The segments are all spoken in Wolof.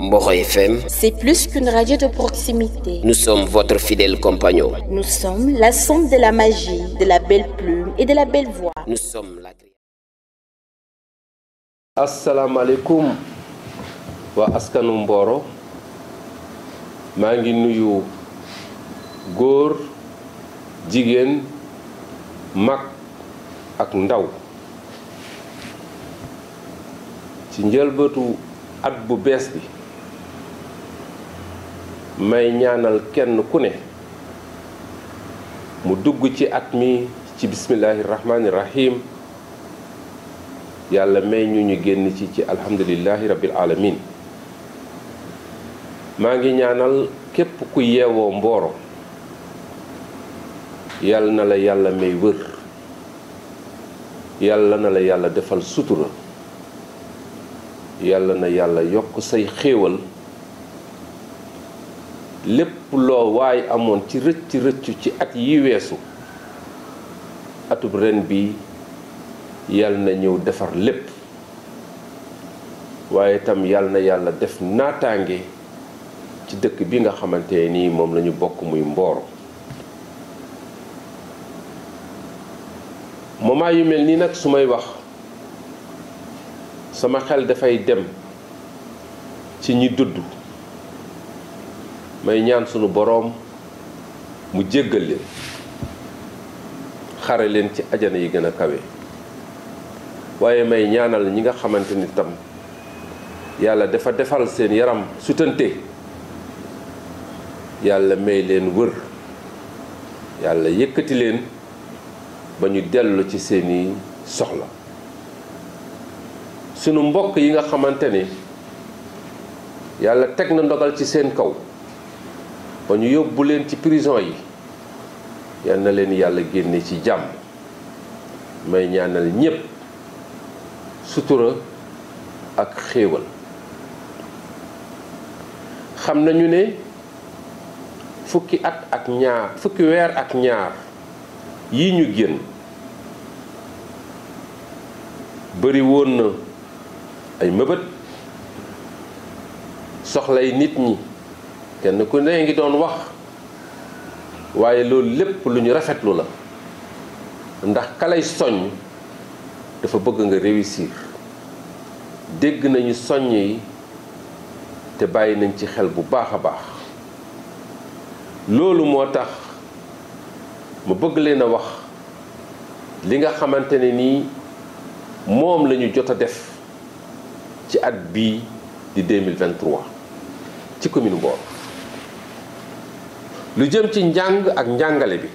Mboro FM. C'est plus qu'une radio de proximité. Nous sommes votre fidèle compagnon. Nous sommes la somme de la magie, de la belle plume et de la belle voix. Nous sommes la. asalaamaaleykum waa askanu Mboro maa ngi nuyu góor jigéen mag ak ndaw ci njëlbatu at bu bees bi. may ñaanal kenn ku ne mu dugg ci at mi ci bismillahi rahmaani rahim yàlla may ñu ñu génn ci ci alhamdulillahi rabbil alamin maa ngi ñaanal képp ku yeewoo mbooro yàlla na la yàlla may wër yàlla na la yàlla defal sutura yàlla na yàlla yokk say xéewal lépp loo waaye amoon ci rëcc rëccu ci at yi weesu atub ren bi yal na ñëw defar lépp waaye itam yal na yàlla def naataange ci dëkk bi nga xamante nii moom lañu bokk muy Mboro moment yu mel nii nag su may wax sama xel dafay dem ci ñi dudd may ñaan sunu boroom mu jéggal leen xare leen ci ajana yi gën a kawe waaye may ñaanal ñi nga xamante ni tam yàlla dafa defal seen yaram sutante yàlla may leen wër yàlla yëkkati leen ba ñu dellu ci seeni soxla sunu mbokk yi nga xamante ni yàlla teg na ndogal ci seen kaw ba ñu yóbbu leen ci prison yi yal na leen yàlla génne ci jàmm may ñaanal ñépp sutura ak xéewal xam nañu ne fukki at ak ñaar fukki weer ak ñaar yi ñu génn bari woon na ay mëbët soxlay nit ñi kenn ku ne ngi doon wax waaye loolu lépp lu ñu rafetlu la ndax kalay soññ dafa bëgg nga réussir dégg nañu soññ yi te bàyyi nañ ci xel bu baax a baax loolu moo tax mu bëgg leen a wax li nga xamante ne nii moom lañu jot a def ci at bii di 2023 ci commune Mbour lu jëm ci njàng ak njàngale bi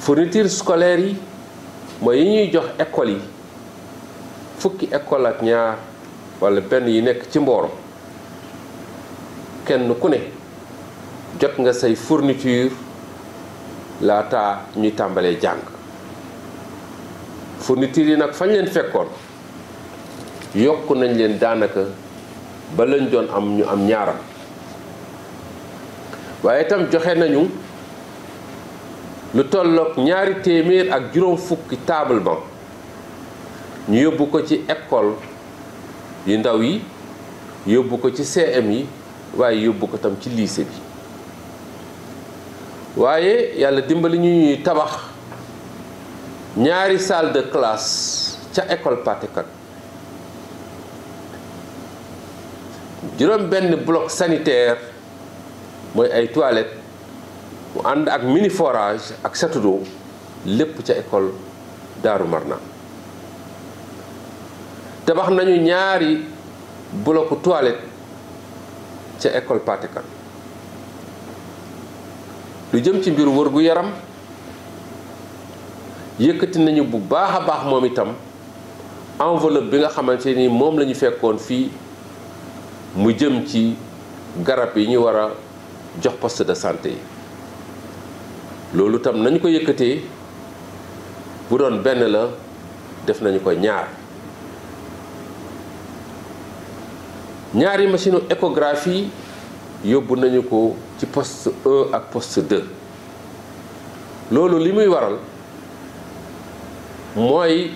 fourniture scolaire yi mooy yi ñuy jox école yi fukki école ak ñaar wala benn yi nekk ci Mboro kenn ku ne jot nga say fourniture laata ñuy tàmbalee jàng fourniture yi nag fañ leen fekkoon yokk nañ leen daanaka ba lañ doon am ñu am ñaaram waaye tam joxe nañu lu tolloog ñaari téeméer ak juróom fukki table banc ñu yóbbu ko ci école yu ndaw yi yóbbu ko ci CM yi waaye yóbbu ko tam ci lycée bi waaye yàlla dimbali ñu ñuy tabax ñaari salle de classe ca école Patekat juróom benn bloc sanitaire mooy ay toilettes mu ànd ak mini forage ak château lépp ca école Daaru Marnaan tabax nañu ñaari blocu toilette ca école Pathé lu jëm ci mbir wër gu yaram yëkkati nañu bu baax a baax moom itam enveloppe bi nga xamante ni moom lañu fekkoon fii mu jëm ci garab yi ñu war a jox poste de santé yi loolu tam nañ ko yëkkatee bu doon benn la def nañu ko ñaar ñaari machine échographie yóbbu nañu ko ci poste 1 ak poste 2 loolu li muy waral mooy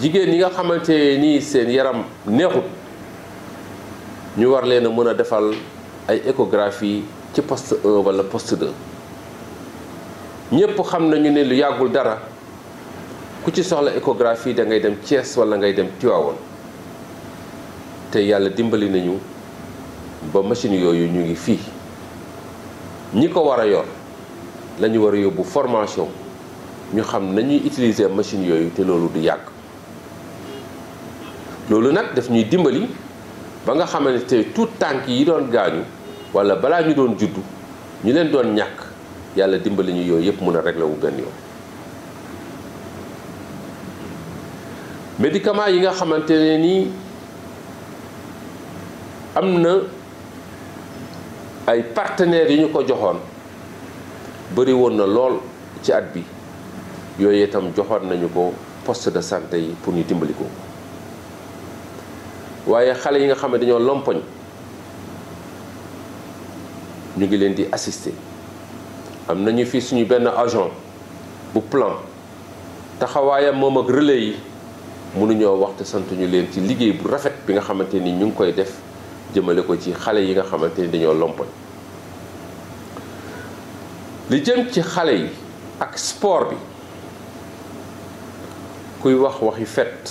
jigéen yi nga xamante nii seen yaram neexut ñu war leen a mën a defal ay échographie ci poste 1 wala poste 2 ñëpp xam nañu ne lu yàggul dara ku ci soxla échographie da ngay dem Thiès wala ngay dem Tivaouane te yàlla dimbali nañu ba machine yooyu ñu ngi fii ñi ko war a yor la ñu war a yóbbu formation ñu xam nañuy utiliser machine yooyu te loolu du yàgg loolu nag daf ñuy dimbali ba nga xamante tout tànk yi doon gaañu wala balaa ñu doon juddu ñu leen doon ñàkk yàlla dimbali ñu yooyu yëpp mun a réglé wu benn yoon. médicament yi nga xamante ne nii am na ay partenaires yu ñu ko joxoon bëri woon na lool ci at bi yooyu itam joxoon nañu ko poste de santé yi pour ñu dimbali ko waaye xale yi nga xam dañoo lompoñ. ñu ngi leen di assister am nañu fi suñu benn agent bu plan taxawaayam moom ak relais yi mënuñoo wax te ñu leen ci liggéey bu rafet bi nga xamante ni ñu ngi koy def jëmale ko ci xale yi nga xamante ni dañoo lompoñ li jëm ci xale yi ak sport bi kuy wax waxi fet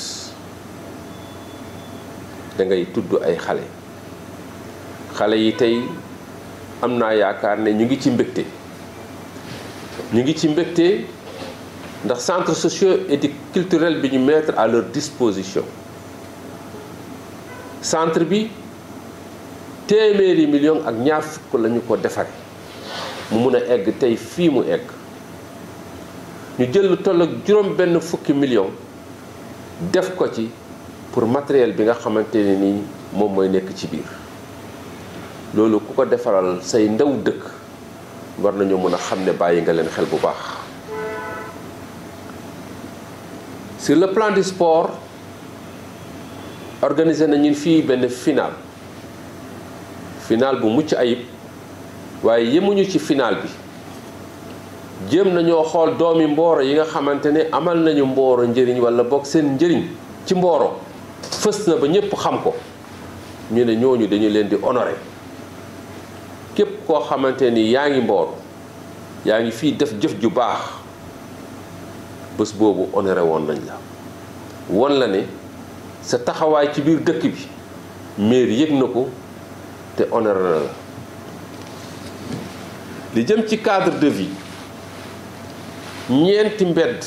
da ngay tudd ay xale xale yi tey am naa yaakaar ne ñu ngi ci mbégte ñu ngi ci mbégte ndax centre socio et culturel bi ñu mettre à leur disposition centre bi téeméeri million ak ñaar fukk la ko defare mu mun a egg tey fii mu egg ñu jël lu toll ak juróom benn fukki million def ko ci pour matériel bi nga xamante ne nii moom mooy nekk ci biir loolu ku ko defaral say ndaw dëkk war nañu mën a xam ne bàyyi nga leen xel bu baax sur le plan du sport organiser nañu fii benn final final bu mucc ayib waaye yemuñu ci final bi jéem nañoo xool doomi mbooro yi nga xamante ne amal nañu mbooro njëriñ wala boog seen njëriñ ci mbooro fës na ba ñëpp xam ko ñu ne ñooñu dañu leen di honoré képp koo xamante ni yaa ngi mboor yaa ngi fi def jëf ju baax bés boobu honoré woon nañ la won la ne sa taxawaay ci biir dëkk bi mairie yëg na ko te honoré na la li jëm ci cadre de vie ñeenti mbedd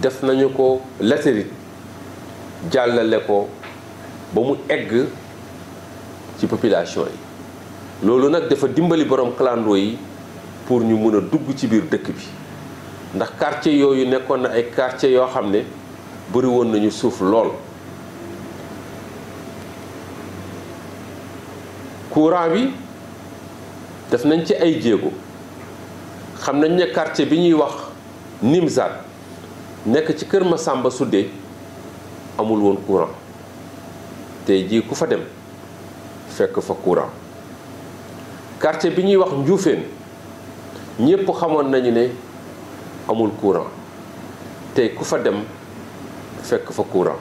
def nañu ko latérite jàllale ko ba mu egg ci population yi loolu nag dafa dimbali borom clando yi pour ñu mun a dugg ci biir dëkk bi ndax kàrce yooyu nekkoon na ay quartier yoo xam ne bariwoon nañu suuf lool courant bi def nañ ci ay jéego xam nañ ne quartier bi ñuy wax Nimzat nekk ci kër Masamba Sude amul woon courant tey jii ku fa dem fekk fa courant quartier bi ñuy wax Njuufeen ñëpp xamoon nañu ne amul courant tey ku fa dem fekk fa courant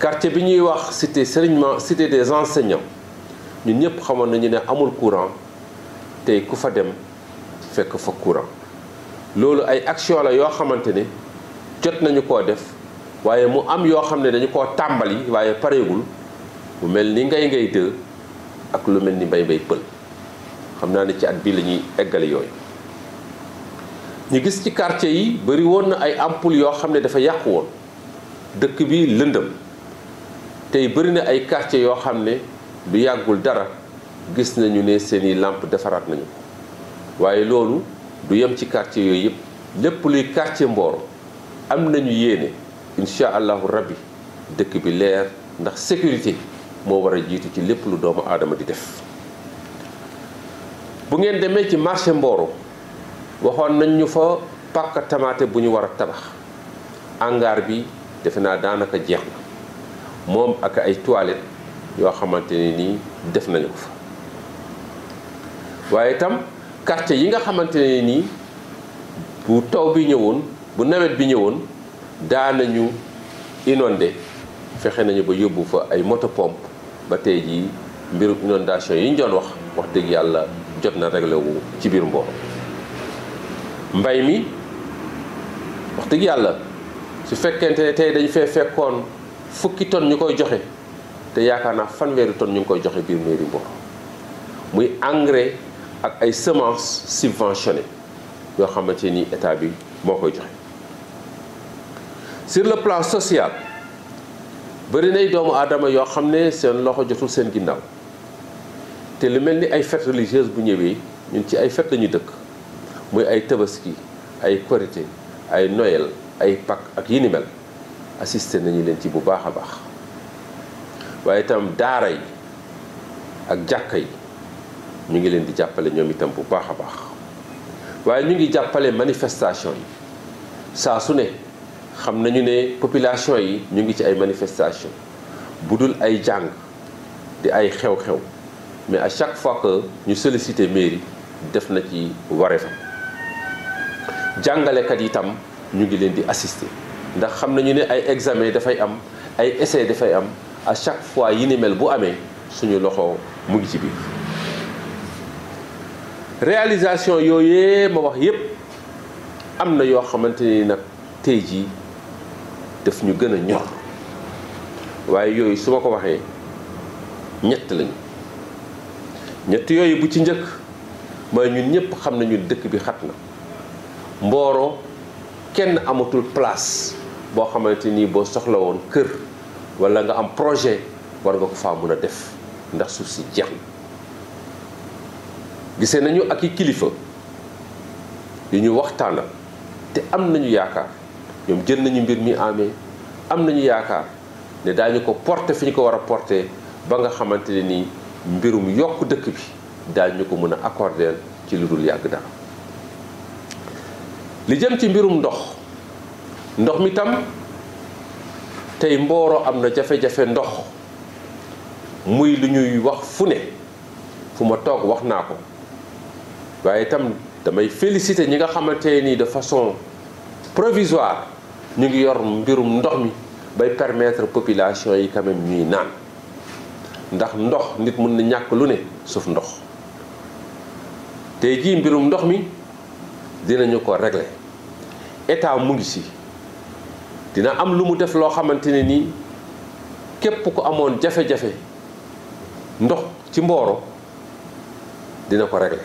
quartier bi ñuy wax cité Serigne cité des enseignants ñu ñëpp xamoon nañu ne amul courant tey ku fa dem fekk fa courant loolu ay action la yoo xamante ne jot nañu koo def waaye mu am yoo xam ne dañu koo tàmbali waaye pareegul mu mel ni ngay ngay dë ak lu mel ni mbay mbay pël xam naa ne ci at bii lañuy ñuy eggale yooyu ñu gis ci quartier yi bari woon na ay ampoule yoo xam ne dafa yàq woon dëkk bi lëndëm tey bëri na ay quartier yoo xam ne du yàggul dara gis nañu ne seeni làmp defaraat nañu waaye loolu du yem ci quartier yooyu yëpp lépp luy quartier Mboro am nañu yéene incha allahu rabbi dëkk bi leer ndax sécurité moo war a jiitu ci lépp lu doomu aadama di def bu ngeen demee ci marché Mboro waxoon nañ ñu fa pàkk tamaate bu ñu war a tabax hangar bi defe naa daanaka jeex na moom ak ay toilettes yoo xamante ne nii def nañu ko fa waaye itam quartier yi nga xamante ne nii bu taw bi ñëwoon bu nawet bi ñëwoon daanañu inondé fexe nañu ba yóbbu fa ay moto ba tey jii mbirum inondation yi ñu doon wax wax dëgg yàlla jot na réglé wu ci biir mbooloo mbay mi wax dëgg yàlla su fekkente ne tey dañu fee fekkoon fukki ton ñu koy joxe te yaakaar naa fanweeri tonnes ñu ngi koy joxe biir mairie mbooloo muy engrais ak ay semences subventionnées yoo xamante ni état bi moo koy joxe sur le place social bëri nay doomu aadama yoo xam ne seen loxo jotul seen ginnaaw. te lu mel ni ay fête religieuse bu ñëwee ñun ci ay fet la ñu dëkk muy ay tabaski ay korité ay noyal ay pakk ak yi ni mel assisté nañu leen ci bu baax a baax waaye itam daara yi ak jàkka yi ñu ngi leen di jàppale ñoom itam bu baax a baax waaye ñu ngi jàppale manifestation yi saa su ne xam nañu ne population yi ñu ngi ci ay manifestation bu dul ay jàng di ay xew-xew mais à chaque fois que ñu sollicité mairie def na ci ware wareefam jàngalekat yi tam ñu ngi leen di assister ndax xam nañu ne ay examen dafay am ay essai dafay am à chaque fois yi ni mel bu amee suñu loxo mu ngi ci biir réalisation yooyee ma wax yépp am na yoo xamante ni nag tey jii daf ñu gën a ñor waaye yooyu su ma ko waxee ñett lañu ñett yooyu bu ci njëkk mooy ñun ñëpp xam nañu dëkk bi xat na mbooroo kenn amatul place boo xamante ni boo soxla woon kër walla nga am projet war nga ko faa mën a def ndax suuf si jeex na gisee nañu ak i kilifa yu ñu waxtaanal te am nañu yaakaar ñoom jël nañu mbir mi amee am nañu yaakaar ne daañu ko porter fi ñu ko war a porter ba nga xamante ne nii mbirum yokk dëkk bi ñu ko mën a accordeel ci lu dul yàgg dara li jëm ci mbirum ndox ndox mi tam tey Mboro am na jafe-jafe ndox muy lu ñuy wax fu ne fu ma toog wax naa ko waaye itam damay félicité ñi nga xamante nii de façon provisoire ñu ngi yor mbirum ndox mi bay permettre population yi quand ñuy naan ndax ndox nit mun na ñàkk lu ne suuf ndox tey jii mbirum ndox mi dinañu ko régler état mu ngi si dina am lu mu def loo xamante ne nii képp ku amoon jafe-jafe ndox ci mbooro dina ko régler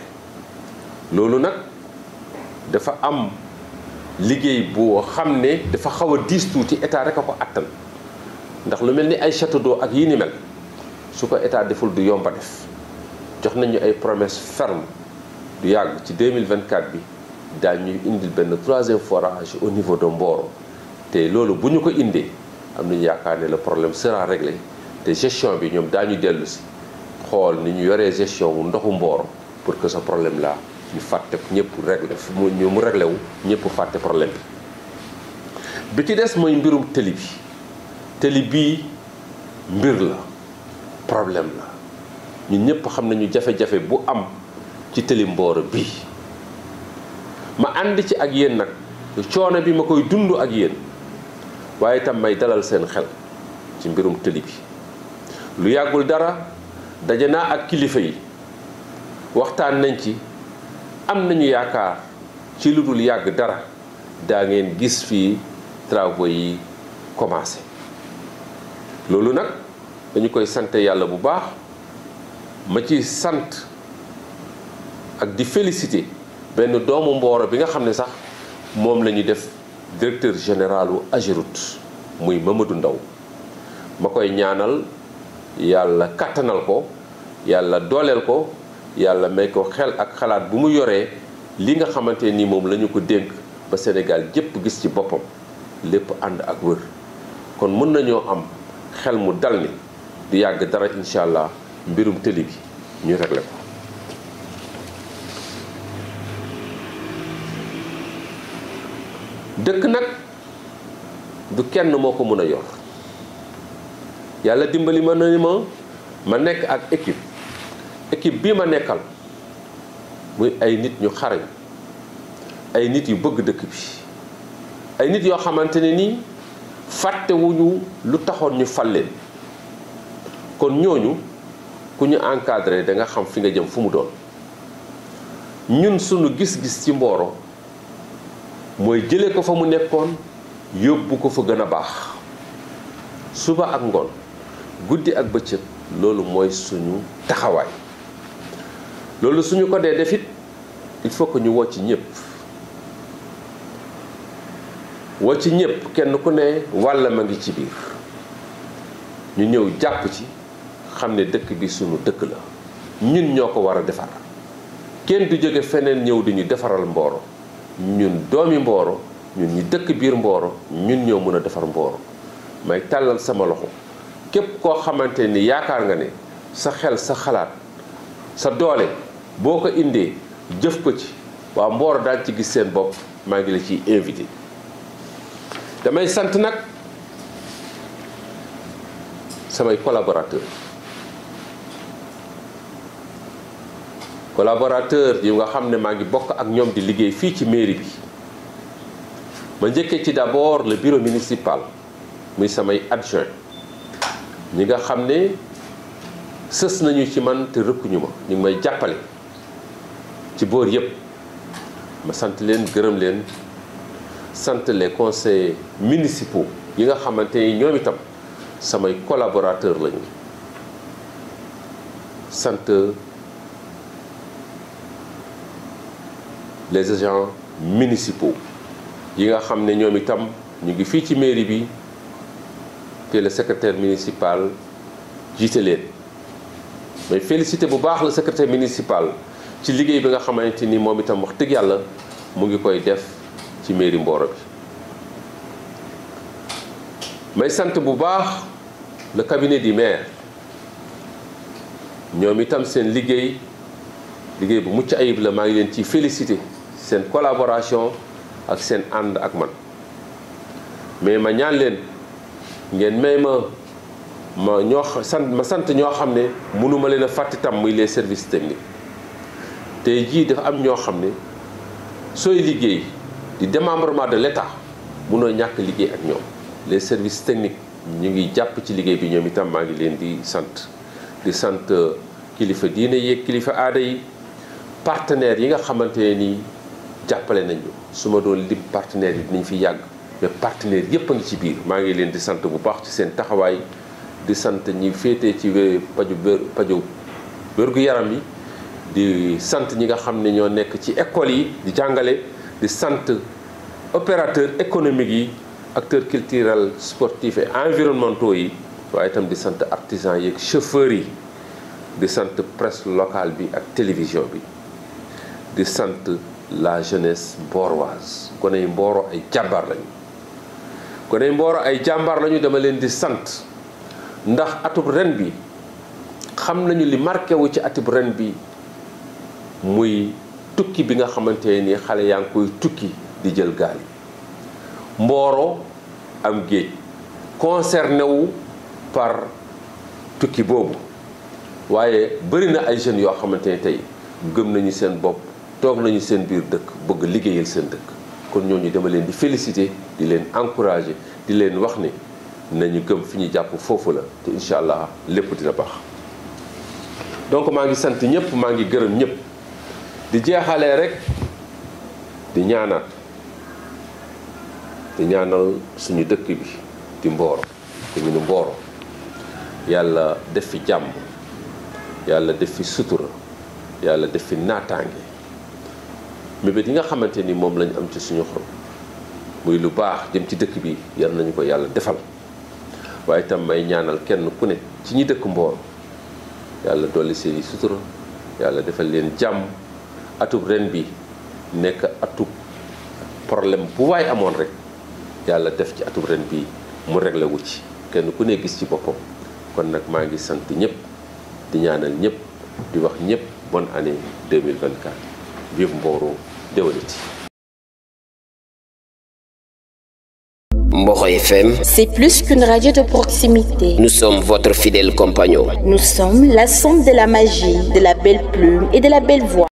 loolu nag dafa am liggéey boo xam ne dafa xaw a diis tuuti état rek a ko attan ndax lu mel ni ay château ak yi ni mel su ko état deful du yomba def jox nañu ay promesse ferme du yàgg ci 2024 bi daañuy indi benn troisième forage au niveau de Mboro te loolu bu ñu ko indee am nañu yaakaar ne le problème sera réglé te gestion bi ñoom daañu dellu si xool ni ñu yoree gestion wu ndoxu Mboro pour que ce problème là ñu fàtte ñëpp réglé ñu mu réglé wu ñëpp fàtte problème bi bi ci des mooy mbirum tëli bi tëli bii mbir la problème la ñun ñëpp xam nañu jafe-jafe bu am ci Télimbooro bi ma ànd ci ak yéen nag coono bi ma koy dund ak yéen waaye tam may dalal seen xel ci mbirum tëli bi lu yàggul dara daje naa ak kilifa yi waxtaan nañ ci am nañu yaakaar ci lu dul yàgg dara daa ngeen gis fii travaux yi commencé loolu nag dañu koy sante yàlla bu baax ma ci sant ak di félicité benn doomu Mboro bi nga xam ne sax moom la ñu def directeur général u Ageroute muy Mamadou Ndaw ma koy ñaanal yàlla kàttanal ko yàlla dooleel ko yàlla may ko xel ak xalaat bu mu yoree li nga xamante ni moom lañu ko dénk ba Sénégal gépp gis ci boppam lépp ànd ak wër kon mën nañoo am xel mu dal ni du yàgg dara incha mbirum tëli bi ñu réglé ko dëkk nag du kenn moo ko mën a yor yàlla dimbali ma ne ma ma nekk ak équipe équipe bii ma nekkal muy ay nit ñu xarañ ay nit yu bëgg dëkk bi ay nit yoo xamante ne nii fàttewuñu lu taxoon ñu fal kon ñooñu ku ñu encadré danga xam fi nga jëm fu mu doon ñun sunu gis-gis ci Mboro mooy jële ko fa mu nekkoon yóbbu ko fa gën a baax suba ak ngoon guddi ak bëccëg loolu mooy suñu taxawaay loolu suñu ko dee defit il faut que ñu woo ci ñëpp woo ci ñëpp kenn ku ne wàll ma ngi ci biir ñu ñëw jàpp ci xam ne dëkk bi sunu dëkk la ñun ñoo ko war a defar kenn du jóge feneen ñëw di ñu defaral Mboro ñun doomi Mboro ñun ñu dëkk biir Mboro ñun ñoo mën a defar Mboro may tàllal sama loxo képp koo xamante ni yaakaar nga ne sa xel sa xalaat sa doole boo ko indee jëf ko ci waa Mboro daal ci gis seen bopp maa ngi la ciy invité damay sant nag samay collaborateur collaborateur yi nga xam ne maa ngi bokk ak ñoom di liggéey fii ci mairie bi ma njëkkee ci d'abord le bureau municipal muy samay adjoint ñi nga xam ne sës nañu ci man te rëkkuñu ma ñu may jàppale ci boor yëpp ma sant leen gërëm leen sant les conseils municipaux yi nga xamante ni ñoom itam samay collaborateurs lañu sant. les agents municipaux yi nga xam ne ñoom itam ñu ngi fii ci mairie bi te le secrétaire municipal jiite leen mais félicité bu baax la secrétaire municipal ci liggéey bi nga xamante ni moom itam wax dëgg yàlla mu ngi koy def ci mairie mbooro bi may sant bu baax le cabinet du maire ñoom itam seen liggéey liggéey bu mucc ayib la maa ngi leen ciy félicité seen collaboration ak seen ànd ak man mais ma ñaan leen ngeen may ma ma ñoo sant ma sant ñoo xam ne mënuma leen a fàtte tam muy les services techniques te jii dafa am ñoo xam ne sooy liggéey di démembrement de l'État mënoo ñàkk liggéey ak ñoom les services techniques ñu ngi jàpp ci liggéey bi ñoom itam maa ngi leen di sant di sant euh, kilifa diine yeeg kilifa aada yi partenaires yi nga xamante nii jàppale nañ ñu su doon lim partenaires yi dinañ fi yàgg mais partenaires yëpp a ngi ci biir maa ngi leen di sant bu baax ci seen taxawaay di sant ñi féetee ci paju paju wérgu yaram yi di sant ñi nga xam ne ñoo nekk ci école yi di jàngale di sant opérateur économique yi acteur culturel sportif et environnementaux yi waaye itam di sant artisan yeeg chauffeurs yi di sant presse locale bi ak télévision bi di sant la jeunesse mboroise gone yi mbooro ay jàmbaar lañu gone mbooro ay jàmbaar lañu dama leen di sant ndax atub ren bi xam nañu li marqué wu ci atub ren bi muy tukki bi nga xamante ni xale yaa ngi koy tukki di jël gaal yi mbooro am géej concerné par tukki boobu waaye bëri na ay jeunes yoo xamante ni tey gëm nañu seen bopp toog nañu seen biir dëkk bëgg liggéeyal seen dëkk kon ñooñu demal leen di félicité di leen encourager di leen wax ni nañu gëm fi ñu jàpp foofu la te incha allah lépp dina baax. donc maa ngi sant ñëpp maa ngi gërëm ñëpp di jeexalee rek di ñaanaat di ñaanal suñu dëkk bi di Mboro commune Mboro yàlla def fi jàmm yàlla def fi sutura yàlla def fi naataange. mébét yi nga xamante ni moom lañu am ci suñu xol muy lu baax dem ci dëkk bi yal nañu ko yàlla defal waaye itam may ñaanal kenn ku ne ci ñi dëkk Mboor yàlla dolli seeni sutura yàlla defal leen jàmm atub ren bi nekk atub problème bu waay amoon rek yàlla def ci atub ren bi mu réglé wu ci kenn ku ne gis ci boppam kon nag maa ngi sant ñëpp di ñaanal ñëpp di wax ñëpp bonne année 2024 Mboro déwéniti Mboro FM, c'est plus qu'une radio de proximité. Nous sommes votre fidèle compagnon. Nous sommes la somme de la magie, de la belle plume et de la belle voix.